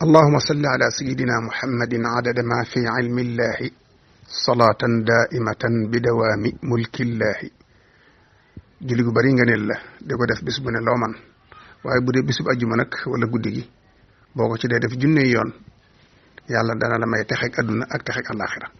allahuma salli ala sayidina muhammadin adada ma fi ilmi illahi salaatan daaimatan bi dawaami mulkillaahi julli gu bari nga ne ko def bis bu ne loo waaye bu dee bisub ajjuma nag wala guddi gi ko ci dee def junne yoon yàlla dana la may texeg àdduna ak texeg àllaaxira